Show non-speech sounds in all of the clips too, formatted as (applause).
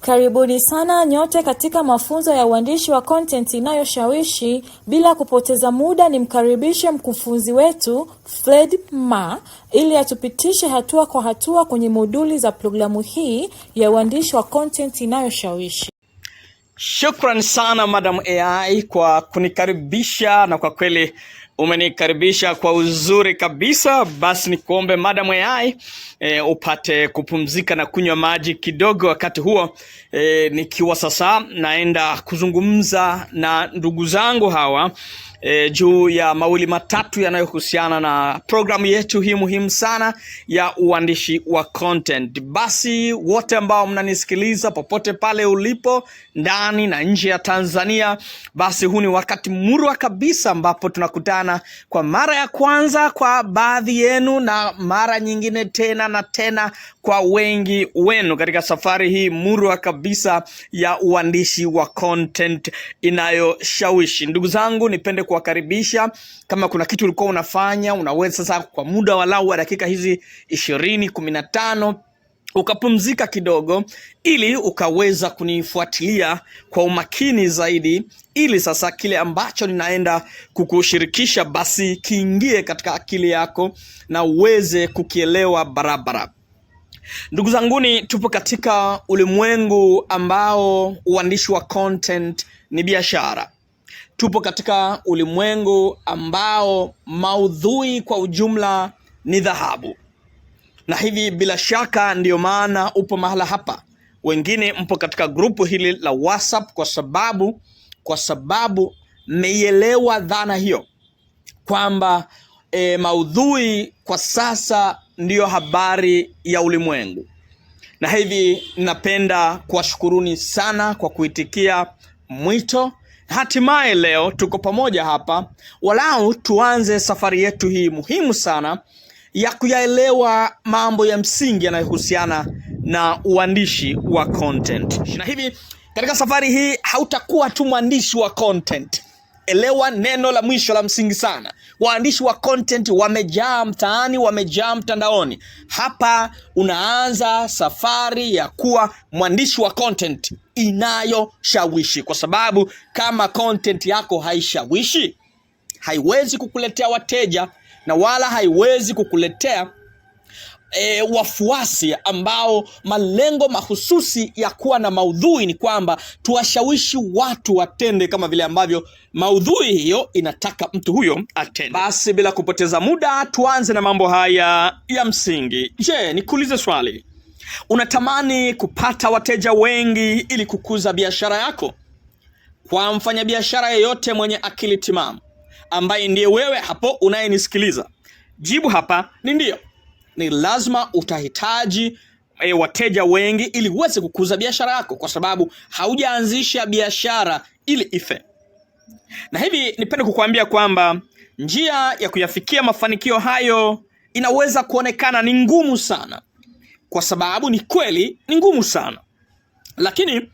Karibuni sana nyote katika mafunzo ya uandishi wa content inayoshawishi. Bila kupoteza muda, nimkaribishe mkufunzi wetu Fred Ma ili atupitishe hatua kwa hatua kwenye moduli za programu hii ya uandishi wa content inayoshawishi. Shukran sana Madam AI kwa kunikaribisha na kwa kweli umenikaribisha kwa uzuri kabisa. Basi kuombe madam AI e, eh, upate kupumzika na kunywa maji kidogo. Wakati huo e, nikiwa sasa naenda kuzungumza na ndugu zangu hawa e, juu ya mawili matatu yanayohusiana na programu yetu hii muhimu sana ya uandishi wa content. Basi wote ambao mnanisikiliza popote pale ulipo ndani na nje ya Tanzania, basi huu ni wakati murwa kabisa ambapo tunakutana kwa mara ya kwanza kwa baadhi yenu na mara nyingine tena na tena kwa wengi wenu katika safari hii murwa kabisa ya uandishi wa content inayoshawishi. Ndugu zangu, nipende kuwakaribisha. Kama kuna kitu ulikuwa unafanya, unaweza sasa kwa muda walau wa dakika hizi ishirini kumi na tano ukapumzika kidogo ili ukaweza kunifuatilia kwa umakini zaidi, ili sasa kile ambacho ninaenda kukushirikisha basi kiingie katika akili yako na uweze kukielewa barabara. Ndugu zanguni, tupo katika ulimwengu ambao uandishi wa content ni biashara. Tupo katika ulimwengu ambao maudhui kwa ujumla ni dhahabu, na hivi bila shaka ndiyo maana upo mahala hapa. Wengine mpo katika grupu hili la WhatsApp kwa sababu kwa sababu mmeielewa dhana hiyo kwamba e, maudhui kwa sasa ndiyo habari ya ulimwengu, na hivi napenda kuwashukuruni sana kwa kuitikia mwito. Hatimaye leo tuko pamoja hapa, walau tuanze safari yetu hii muhimu sana ya kuyaelewa mambo ya msingi yanayohusiana na uandishi wa content. Na hivi katika safari hii hautakuwa tu mwandishi wa content elewa neno la mwisho la msingi sana. Waandishi wa content wamejaa mtaani, wamejaa mtandaoni. Hapa unaanza safari ya kuwa mwandishi wa content inayoshawishi, kwa sababu kama content yako haishawishi, haiwezi kukuletea wateja na wala haiwezi kukuletea E, wafuasi ambao malengo mahususi ya kuwa na maudhui ni kwamba tuwashawishi watu watende kama vile ambavyo maudhui hiyo inataka mtu huyo atende. Basi bila kupoteza muda, tuanze na mambo haya ya msingi. Je, nikuulize swali, unatamani kupata wateja wengi ili kukuza biashara yako? Kwa mfanyabiashara yeyote mwenye akili timamu ambaye ndiye wewe hapo unayenisikiliza, jibu hapa ni ndiyo. Ni lazima utahitaji e, wateja wengi ili uweze kukuza biashara yako, kwa sababu haujaanzisha biashara ili ife. Na hivi nipende kukuambia kwamba njia ya kuyafikia mafanikio hayo inaweza kuonekana ni ngumu sana, kwa sababu ni kweli ni ngumu sana, lakini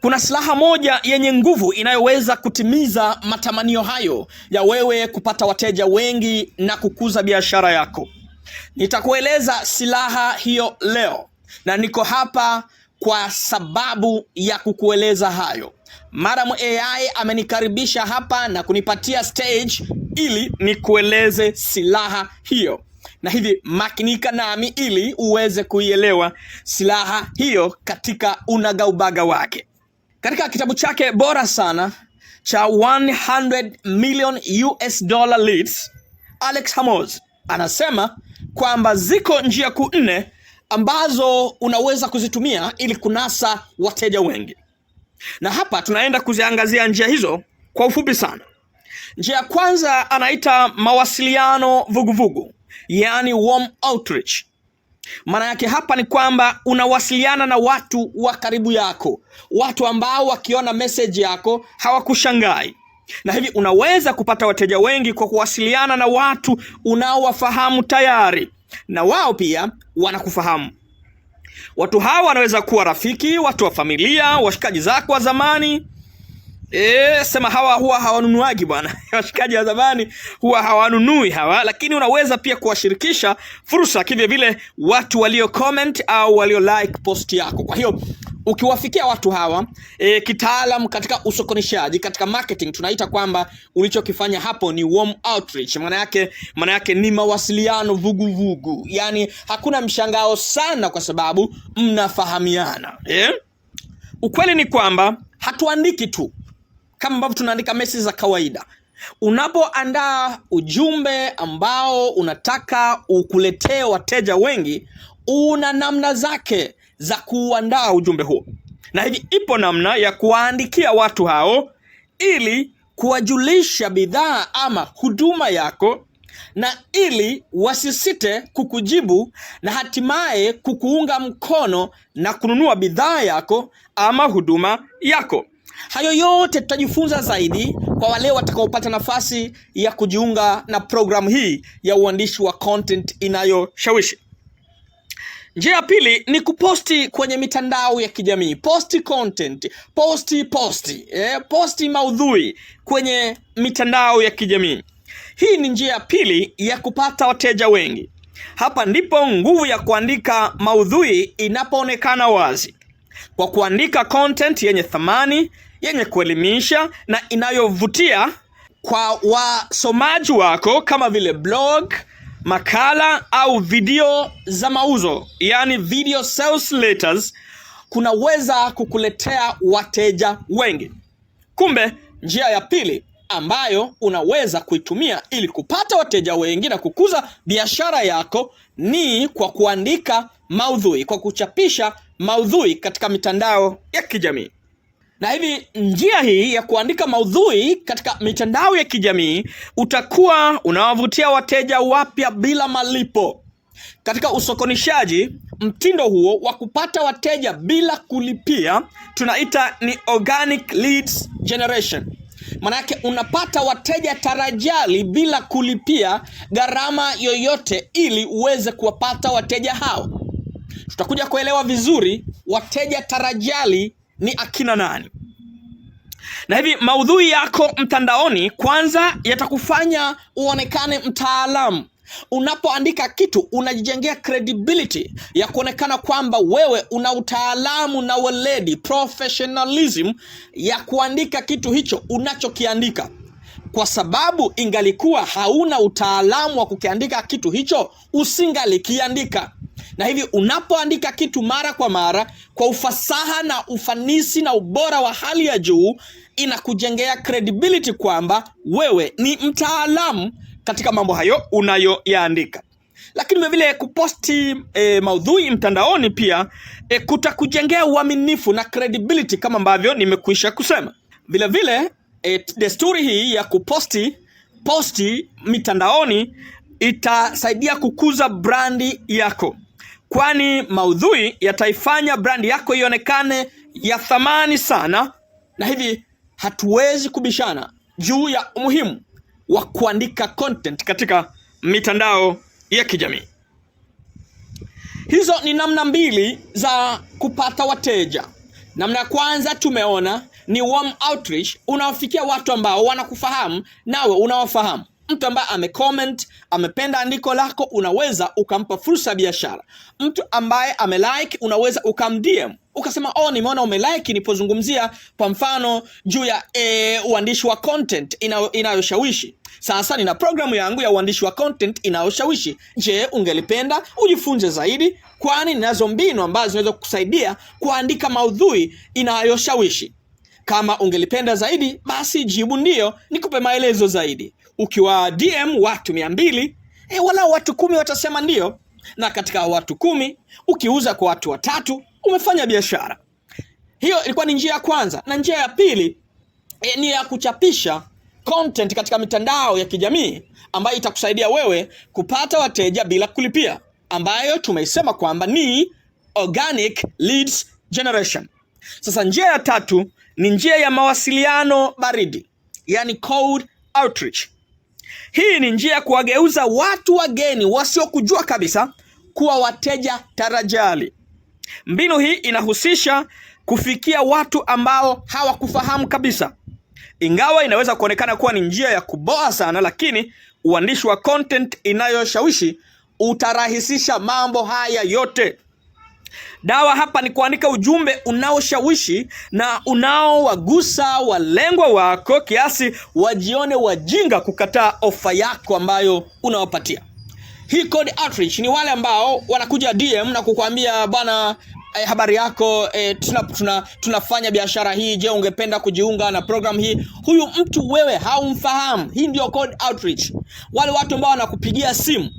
kuna silaha moja yenye nguvu inayoweza kutimiza matamanio hayo ya wewe kupata wateja wengi na kukuza biashara yako. Nitakueleza silaha hiyo leo, na niko hapa kwa sababu ya kukueleza hayo. Madam AI amenikaribisha hapa na kunipatia stage ili nikueleze silaha hiyo, na hivi makinika nami ili uweze kuielewa silaha hiyo katika unagaubaga wake. Katika kitabu chake bora sana cha 100 million US dollar leads, Alex Hamoz anasema kwamba ziko njia kuu nne ambazo unaweza kuzitumia ili kunasa wateja wengi na hapa tunaenda kuziangazia njia hizo kwa ufupi sana. Njia ya kwanza anaita mawasiliano vuguvugu, yaani warm outreach. Maana yake hapa ni kwamba unawasiliana na watu wa karibu yako, watu ambao wakiona meseji yako hawakushangai, na hivi unaweza kupata wateja wengi kwa kuwasiliana na watu unaowafahamu tayari, na wao pia wanakufahamu. Watu hawa wanaweza kuwa rafiki, watu wa familia, washikaji zako wa zamani. E, sema hawa huwa hawanunuagi bwana. (laughs) Washikaji wa zamani huwa hawanunui hawa, lakini unaweza pia kuwashirikisha fursa kivyo vile watu walio comment au walio like post yako. Kwa hiyo ukiwafikia watu hawa e, kitaalam katika usokonishaji katika marketing tunaita kwamba ulichokifanya hapo ni warm outreach. Maana yake maana yake ni mawasiliano vuguvugu vugu. Yaani hakuna mshangao sana kwa sababu mnafahamiana eh? Ukweli ni kwamba hatuandiki tu kama ambavyo tunaandika message za kawaida. Unapoandaa ujumbe ambao unataka ukuletee wateja wengi, una namna zake za kuuandaa ujumbe huo, na hivi ipo namna ya kuwaandikia watu hao ili kuwajulisha bidhaa ama huduma yako, na ili wasisite kukujibu na hatimaye kukuunga mkono na kununua bidhaa yako ama huduma yako. Hayo yote tutajifunza zaidi kwa wale watakaopata nafasi ya kujiunga na programu hii ya uandishi wa content inayoshawishi. Njia ya pili ni kuposti kwenye mitandao ya kijamii, posti content, posti posti, eh, posti maudhui kwenye mitandao ya kijamii. Hii ni njia ya pili ya kupata wateja wengi. Hapa ndipo nguvu ya kuandika maudhui inapoonekana wazi. Kwa kuandika content yenye thamani, yenye kuelimisha na inayovutia kwa wasomaji wako kama vile blog makala au video za mauzo, yani video sales letters, kunaweza kukuletea wateja wengi. Kumbe njia ya pili ambayo unaweza kuitumia ili kupata wateja wengi na kukuza biashara yako ni kwa kuandika maudhui, kwa kuchapisha maudhui katika mitandao ya kijamii na hivi njia hii ya kuandika maudhui katika mitandao ya kijamii utakuwa unawavutia wateja wapya bila malipo. Katika usokonishaji, mtindo huo wa kupata wateja bila kulipia tunaita ni organic leads generation. Manake unapata wateja tarajali bila kulipia gharama yoyote, ili uweze kuwapata wateja hao. Tutakuja kuelewa vizuri wateja tarajali ni akina nani? Na hivi maudhui yako mtandaoni kwanza yatakufanya uonekane mtaalamu. Unapoandika kitu unajijengea credibility ya kuonekana kwamba wewe una utaalamu na weledi, professionalism ya kuandika kitu hicho unachokiandika kwa sababu ingalikuwa hauna utaalamu wa kukiandika kitu hicho, usingalikiandika. Na hivi unapoandika kitu mara kwa mara kwa ufasaha na ufanisi na ubora wa hali ya juu, inakujengea credibility kwamba wewe ni mtaalamu katika mambo hayo unayoyaandika. Lakini vilevile kuposti e, maudhui mtandaoni pia e, kutakujengea uaminifu na credibility kama ambavyo nimekwisha kusema. Vilevile e, desturi hii ya kuposti posti mitandaoni itasaidia kukuza brandi yako, kwani maudhui yataifanya brandi yako ionekane ya thamani sana, na hivi hatuwezi kubishana juu ya umuhimu wa kuandika content katika mitandao ya kijamii. Hizo ni namna mbili za kupata wateja. Namna ya kwanza tumeona ni warm outreach, unawafikia watu ambao wanakufahamu nawe unawafahamu. Mtu ambaye amecomment, amependa andiko lako, unaweza ukampa fursa ya biashara. Mtu ambaye amelike, unaweza ukamdm ukasema oh, nimeona umelike nipozungumzia kwa mfano juu ya e, uandishi wa content inayoshawishi ina Sasa nina programu yangu ya uandishi wa content inayoshawishi. Je, ungelipenda ujifunze zaidi? Kwani ninazo mbinu ambazo zinaweza kukusaidia kuandika maudhui inayoshawishi. Kama ungelipenda zaidi, basi jibu ndiyo, nikupe maelezo zaidi. Ukiwa DM watu mia mbili e, walau watu kumi watasema ndio na katika watu kumi ukiuza kwa watu watatu umefanya biashara. Hiyo ilikuwa ni njia ya kwanza, na njia ya pili e, ni ya kuchapisha content katika mitandao ya kijamii ambayo itakusaidia wewe kupata wateja bila kulipia, ambayo tumeisema kwamba ni organic leads generation. Sasa njia ya tatu ni njia ya mawasiliano baridi, yani cold outreach. Hii ni njia ya kuwageuza watu wageni wasiokujua kabisa kuwa wateja tarajali. Mbinu hii inahusisha kufikia watu ambao hawakufahamu kabisa. Ingawa inaweza kuonekana kuwa ni njia ya kuboa sana, lakini uandishi wa content inayoshawishi utarahisisha mambo haya yote. Dawa hapa ni kuandika ujumbe unaoshawishi na unaowagusa walengwa wako kiasi wajione wajinga kukataa ofa yako ambayo unawapatia. Hii code outreach ni wale ambao wanakuja DM na kukuambia bwana, eh, habari yako eh, tuna, tuna, tunafanya biashara hii. Je, ungependa kujiunga na program hii? Huyu mtu wewe haumfahamu. Hii ndio cold outreach, wale watu ambao wanakupigia simu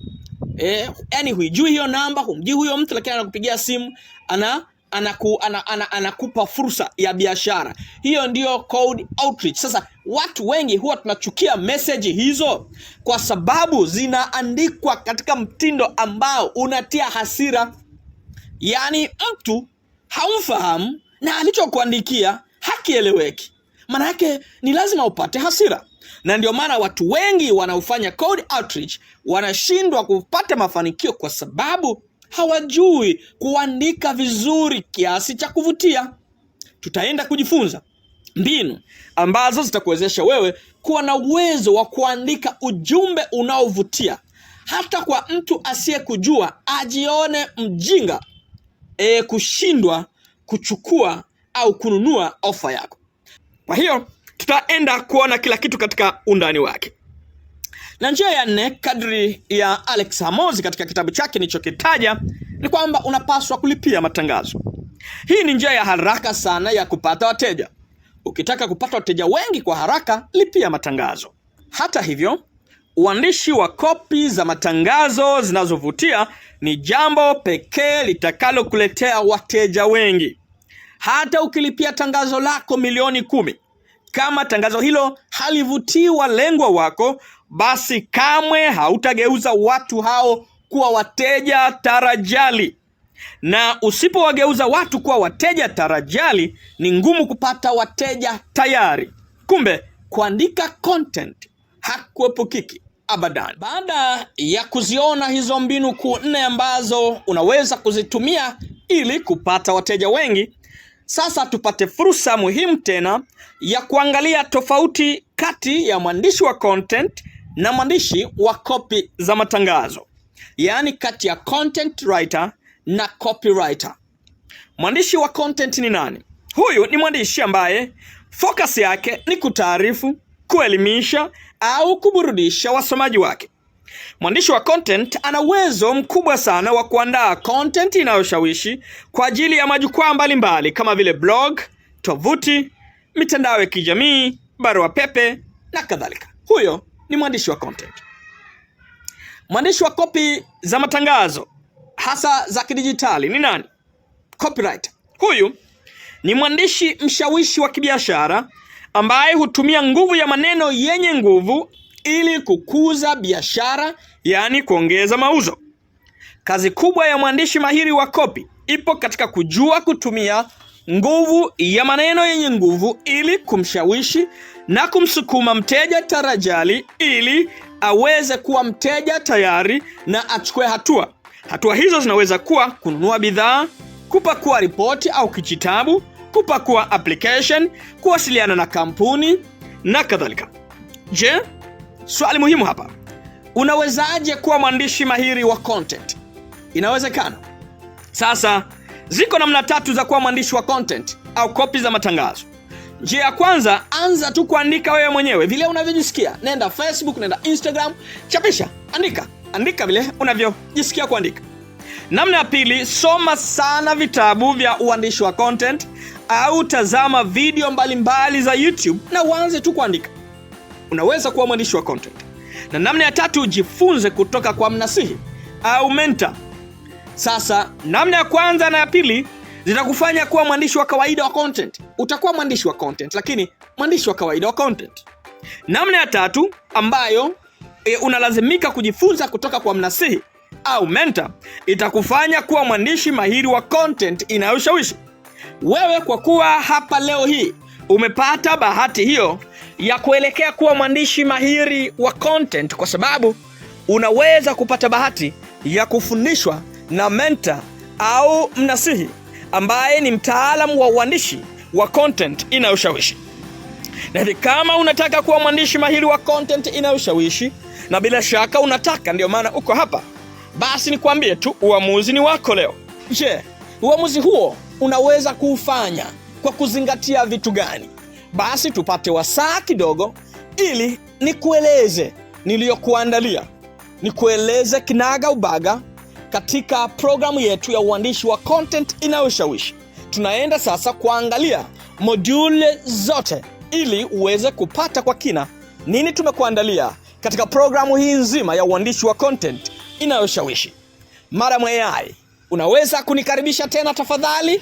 eh, yani huijui hiyo namba, humjui huyo mtu, lakini anakupigia simu ana anaku, ana, ana, anakupa fursa ya biashara. Hiyo ndiyo cold outreach. Sasa watu wengi huwa tunachukia message hizo kwa sababu zinaandikwa katika mtindo ambao unatia hasira, yaani mtu haumfahamu na alichokuandikia hakieleweki. Maana yake ni lazima upate hasira na ndio maana watu wengi wanaofanya cold outreach wanashindwa kupata mafanikio kwa sababu hawajui kuandika vizuri kiasi cha kuvutia. Tutaenda kujifunza mbinu ambazo zitakuwezesha wewe kuwa na uwezo wa kuandika ujumbe unaovutia hata kwa mtu asiyekujua ajione mjinga e, kushindwa kuchukua au kununua ofa yako. Kwa hiyo tutaenda kuona kila kitu katika undani wake. Na njia ya nne, kadri ya Alex amos katika kitabu chake nilichokitaja, ni kwamba unapaswa kulipia matangazo. Hii ni njia ya haraka sana ya kupata wateja. Ukitaka kupata wateja wengi kwa haraka, lipia matangazo. Hata hivyo, uandishi wa kopi za matangazo zinazovutia ni jambo pekee litakalokuletea wateja wengi. Hata ukilipia tangazo lako milioni kumi kama tangazo hilo halivutii walengwa wako, basi kamwe hautageuza watu hao kuwa wateja tarajali, na usipowageuza watu kuwa wateja tarajali, ni ngumu kupata wateja tayari. Kumbe kuandika content hakuepukiki abadan. Baada ya kuziona hizo mbinu kuu nne ambazo unaweza kuzitumia ili kupata wateja wengi, sasa tupate fursa muhimu tena ya kuangalia tofauti kati ya mwandishi wa content na mwandishi wa copy za matangazo, yaani kati ya content writer na copywriter. Mwandishi wa content ni nani? Huyu ni mwandishi ambaye focus yake ni kutaarifu, kuelimisha au kuburudisha wasomaji wake. Mwandishi wa content ana uwezo mkubwa sana wa kuandaa content inayoshawishi kwa ajili ya majukwaa mbalimbali kama vile blog, tovuti, mitandao ya kijamii, barua pepe na kadhalika. Huyo ni mwandishi wa content. Mwandishi wa kopi za matangazo hasa za kidijitali ni nani? Copywriter. Huyu ni mwandishi mshawishi wa kibiashara ambaye hutumia nguvu ya maneno yenye nguvu ili kukuza biashara, yaani kuongeza mauzo. Kazi kubwa ya mwandishi mahiri wa kopi ipo katika kujua kutumia nguvu ya maneno yenye nguvu ili kumshawishi na kumsukuma mteja tarajali ili aweze kuwa mteja tayari na achukue hatua. Hatua hizo zinaweza kuwa kununua bidhaa, kupakua ripoti au kijitabu, kupakua application, kuwasiliana na kampuni na kadhalika. Je, Swali muhimu hapa, unawezaje kuwa mwandishi mahiri wa content? Inawezekana. Sasa ziko namna tatu za kuwa mwandishi wa content au kopi za matangazo. Njia ya kwanza, anza tu kuandika wewe mwenyewe vile unavyojisikia. Nenda Facebook, nenda Instagram, chapisha, andika, andika vile unavyojisikia kuandika. Namna ya pili, soma sana vitabu vya uandishi wa content au tazama video mbalimbali mbali za YouTube na uanze tu kuandika unaweza kuwa mwandishi wa content. Na namna ya tatu, jifunze kutoka kwa mnasihi au mentor. Sasa namna ya kwanza na ya pili zitakufanya kuwa mwandishi wa kawaida wa content. Utakuwa mwandishi wa content, lakini mwandishi wa kawaida wa content. Namna ya tatu ambayo e, unalazimika kujifunza kutoka kwa mnasihi au mentor itakufanya kuwa mwandishi mahiri wa content inayoshawishi. Wewe kwa kuwa hapa leo hii umepata bahati hiyo ya kuelekea kuwa mwandishi mahiri wa content, kwa sababu unaweza kupata bahati ya kufundishwa na mentor au mnasihi ambaye ni mtaalamu wa uandishi wa content inayoshawishi. Na hivi kama unataka kuwa mwandishi mahiri wa content inayoshawishi, na bila shaka unataka, ndio maana uko hapa, basi nikwambie tu, uamuzi ni wako leo. Je, uamuzi huo unaweza kuufanya kwa kuzingatia vitu gani? basi tupate wasaa kidogo ili nikueleze niliyokuandalia, nikueleze kinaga ubaga katika programu yetu ya uandishi wa content inayoshawishi. Tunaenda sasa kuangalia module zote ili uweze kupata kwa kina nini tumekuandalia katika programu hii nzima ya uandishi wa content inayoshawishi. Mara mweyai unaweza kunikaribisha tena tafadhali?